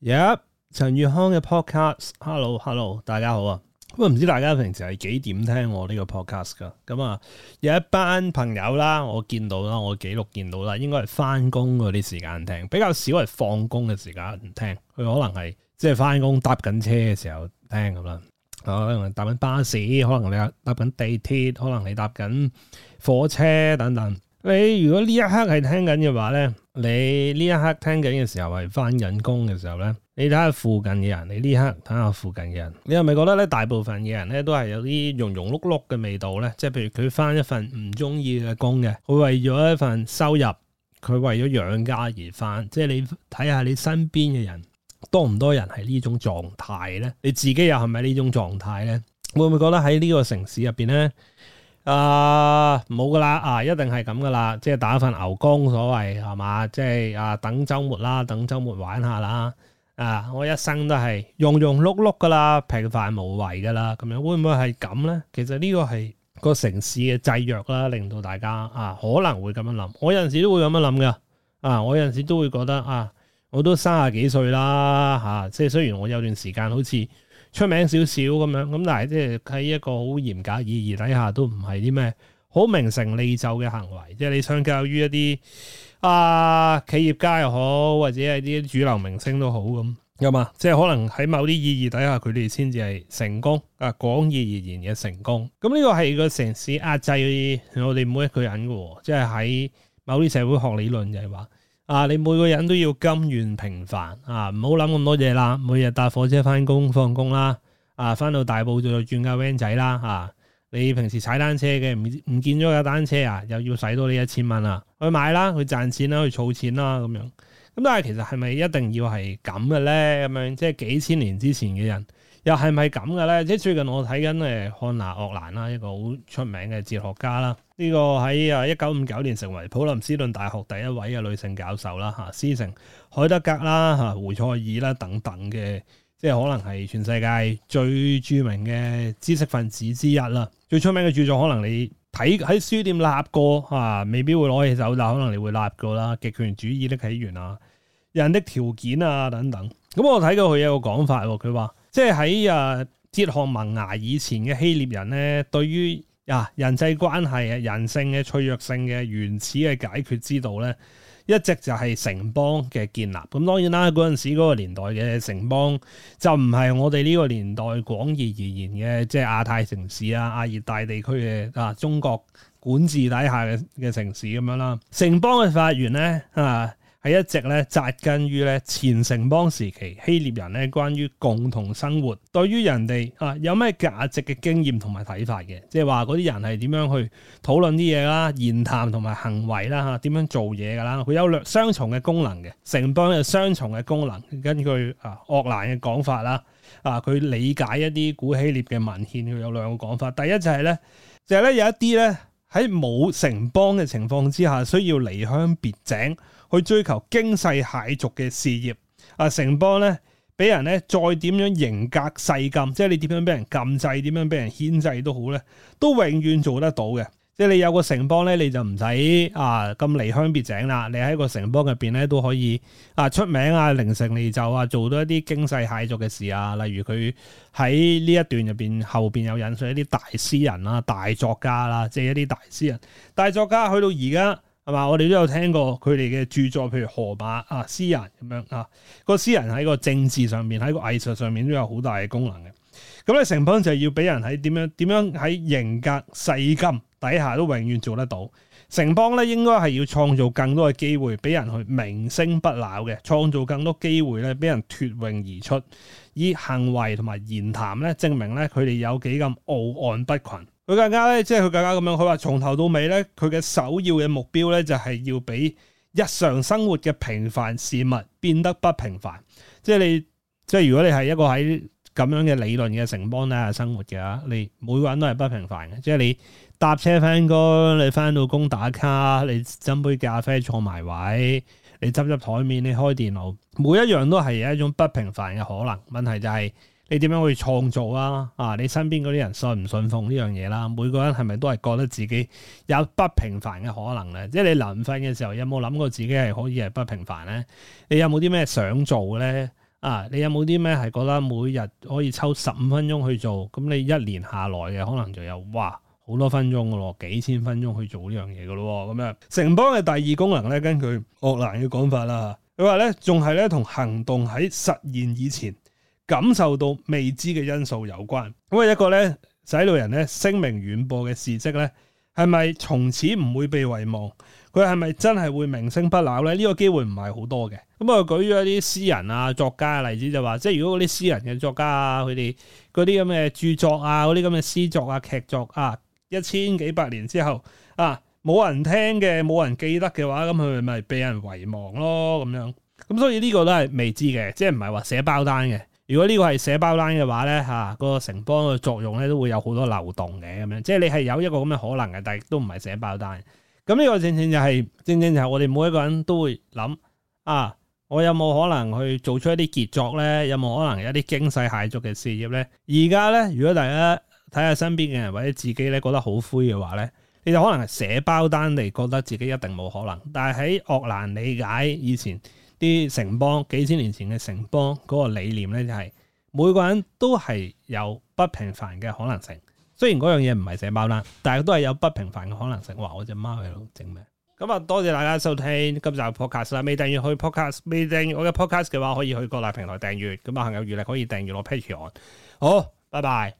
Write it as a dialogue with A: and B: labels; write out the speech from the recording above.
A: Yep，陳玉康嘅 podcast，hello hello，大家好啊！咁啊，唔知大家平時係幾點聽我、哦、呢、這個 podcast 噶？咁、嗯、啊，有一班朋友啦，我見到啦，我記錄見到啦，應該係翻工嗰啲時間聽，比較少係放工嘅時間唔聽。佢可能係即係翻工搭緊車嘅時候聽咁啦，哦，搭緊巴士，可能你搭緊地鐵，可能你搭緊火車等等。你如果呢一刻係聽緊嘅話咧，你呢一刻聽緊嘅時候係翻緊工嘅時候咧，你睇下附近嘅人，你呢刻睇下附近嘅人，你係咪覺得咧，大部分嘅人咧都係有啲庸庸碌碌嘅味道咧？即係譬如佢翻一份唔中意嘅工嘅，佢為咗一份收入，佢為咗養家而翻。即係你睇下你身邊嘅人，多唔多人係呢種狀態咧？你自己又係咪呢種狀態咧？會唔會覺得喺呢個城市入邊咧？啊，冇噶啦，啊，一定係咁噶啦，即係打份牛工，所謂係嘛，即係啊，等周末啦，等周末玩下啦，啊，我一生都係庸庸碌碌噶啦，平凡無為噶啦，咁、啊、樣會唔會係咁咧？其實呢個係個城市嘅制約啦，令到大家啊，可能會咁樣諗。我有陣時都會咁樣諗噶，啊，我有陣時都會覺得啊，我都三廿幾歲啦，吓、啊，即係雖然我有段時間好似。出名少少咁樣，咁但係即係喺一個好嚴格意義底下，都唔係啲咩好名成利就嘅行為。即係你相較於一啲啊企業家又好，或者係啲主流明星都好咁，咁吧啊，即係可能喺某啲意義底下，佢哋先至係成功啊，廣義而言嘅成功。咁、嗯、呢、這個係個城市壓制我哋每一個人嘅，即係喺某啲社會學理論就係話。啊！你每個人都要甘願平凡啊！唔好諗咁多嘢啦，每日搭火車翻工放工啦，啊翻到大埔就要轉架 van 仔啦嚇、啊！你平時踩單車嘅唔唔見咗架單車啊，又要使多呢一千蚊啦，去買啦，去賺錢啦，去儲錢啦咁樣。咁但係其實係咪一定要係咁嘅咧？咁樣即係幾千年之前嘅人。又係咪咁嘅咧？即係最近我睇緊誒，漢娜·鄂蘭啦，一個好出名嘅哲學家啦。呢、這個喺啊一九五九年成為普林斯頓大學第一位嘅女性教授啦，吓，師承海德格啦、吓胡塞爾啦等等嘅，即係可能係全世界最著名嘅知識分子之一啦。最出名嘅著作，可能你睇喺書店立過啊，未必會攞起手，但可能你會立過啦。極權主義的起源啊，人的條件啊等等。咁我睇到佢有個講法，佢話。即係喺啊哲學萌芽以前嘅希臘人咧，對於啊人際關係，啊人性嘅脆弱性嘅原始嘅解決之道咧，一直就係城邦嘅建立。咁當然啦，嗰陣時嗰個年代嘅城邦就唔係我哋呢個年代廣義而言嘅，即係亞太城市，啊亞熱帶地區嘅啊中國管治底下嘅嘅城市咁樣啦。城邦嘅發源咧啊～一直咧紮根於咧前城邦時期希臘人咧關於共同生活，對於人哋啊有咩價值嘅經驗同埋睇法嘅，即係話嗰啲人係點樣去討論啲嘢啦，言談同埋行為啦吓，點樣做嘢㗎啦。佢有兩雙重嘅功能嘅，城邦有雙重嘅功能。根據啊鄂蘭嘅講法啦，啊佢理解一啲古希臘嘅文獻，佢有兩個講法。第一就係、是、咧，就係、是、咧有一啲咧喺冇城邦嘅情況之下，需要離鄉別井。去追求驚世駭俗嘅事業，啊城邦咧俾人咧再點樣嚴格世禁，即係你點樣俾人禁制，點樣俾人牽制都好咧，都永遠做得到嘅。即係你有個城邦咧，你就唔使啊咁離鄉別井啦。你喺個城邦入邊咧都可以啊出名啊，凌城你就啊，做到一啲驚世駭俗嘅事啊。例如佢喺呢一段入邊後邊有引述一啲大詩人啊、大作家啦，即、啊、係、就是、一啲大詩人、大作家去到而家。係嘛？我哋都有聽過佢哋嘅著作，譬如荷馬啊、詩人咁樣啊，個詩人喺個政治上面、喺個藝術上面都有好大嘅功能嘅。咁、嗯、咧，城邦就要俾人喺點樣？點樣喺形格、勢禁底下都永遠做得到？城邦咧，應該係要創造更多嘅機會俾人去名聲不朽嘅，創造更多機會咧俾人脫穎而出。以行為同埋言談咧，證明咧佢哋有幾咁傲岸不群。佢更加咧，即係佢更加咁樣。佢話從頭到尾咧，佢嘅首要嘅目標咧，就係要俾日常生活嘅平凡事物變得不平凡。即係你，即係如果你係一個喺咁樣嘅理論嘅城邦底下生活嘅，你每個人都係不平凡嘅。即係你搭車翻工，你翻到工打卡，你斟杯咖啡坐埋位，你執執台面，你開電腦，每一樣都係有一種不平凡嘅可能。問題就係、是。你點樣去創造啊？啊！你身邊嗰啲人信唔信奉呢樣嘢啦？每個人係咪都係覺得自己有不平凡嘅可能咧？即係你臨瞓嘅時候，有冇諗過自己係可以係不平凡咧？你有冇啲咩想做咧？啊！你有冇啲咩係覺得每日可以抽十五分鐘去做？咁你一年下來嘅可能就有哇好多分鐘噶咯，幾千分鐘去做呢樣嘢噶咯咁樣。城邦嘅第二功能咧，根據鄂蘭嘅講法啦，佢話咧仲係咧同行動喺實現以前。感受到未知嘅因素有關，咁啊一個咧使路人咧聲名遠播嘅事蹟咧，係咪從此唔會被遺忘？佢係咪真係會名聲不朽咧？呢、這個機會唔係好多嘅。咁、嗯、啊舉咗一啲詩人啊作家嘅例子就話，即係如果嗰啲詩人嘅作家佢哋嗰啲咁嘅著作啊，嗰啲咁嘅詩作啊，作啊，作啊劇作啊，一千幾百年之後啊冇人聽嘅冇人記得嘅話，咁佢咪畀人遺忘咯咁樣。咁、嗯、所以呢個都係未知嘅，即係唔係話寫包單嘅。如果呢個係寫包單嘅話咧，嚇、啊那個城邦嘅作用咧都會有好多漏洞嘅咁樣，即係你係有一個咁嘅可能嘅，但亦都唔係寫包單。咁呢個正正就係、是、正正就係我哋每一個人都會諗啊，我有冇可能去做出一啲傑作咧？有冇可能有一啲驚世駭俗嘅事業咧？而家咧，如果大家睇下身邊嘅人或者自己咧覺得好灰嘅話咧，你就可能係寫包單嚟覺得自己一定冇可能。但係喺鄂蘭理解以前。啲城邦幾千年前嘅城邦嗰個理念咧、就是，就係每個人都係有不平凡嘅可能性。雖然嗰樣嘢唔係成貓啦，但係都係有不平凡嘅可能性。話我隻貓喺度整咩？咁啊，多謝大家收聽今集 podcast 啦。未訂閱去 podcast，未訂閱我嘅 podcast 嘅話，可以去各大平台訂閱。咁啊，行有餘力可以訂閱我 Patreon。好，拜拜。